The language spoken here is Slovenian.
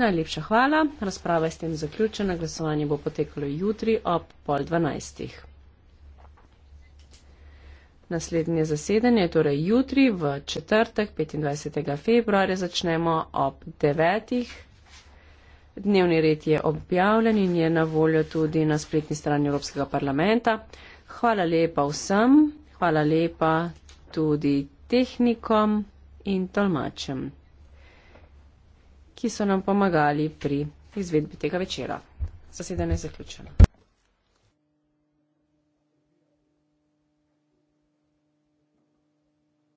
Najlepša hvala. Razprava je s tem zaključena. Glasovanje bo potekalo jutri ob pol dvanajstih. Naslednje zasedanje, torej jutri v četrtek, 25. februarja, začnemo ob 9. Dnevni red je objavljen in je na voljo tudi na spletni strani Evropskega parlamenta. Hvala lepa vsem, hvala lepa tudi tehnikom in tolmačem ki so nam pomagali pri izvedbi tega večera. Zasedanje je zaključeno.